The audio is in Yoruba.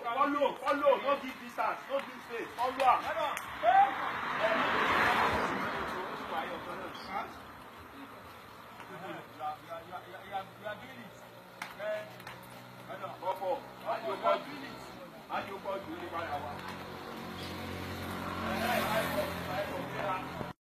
follow follow no give distance no give space follow am.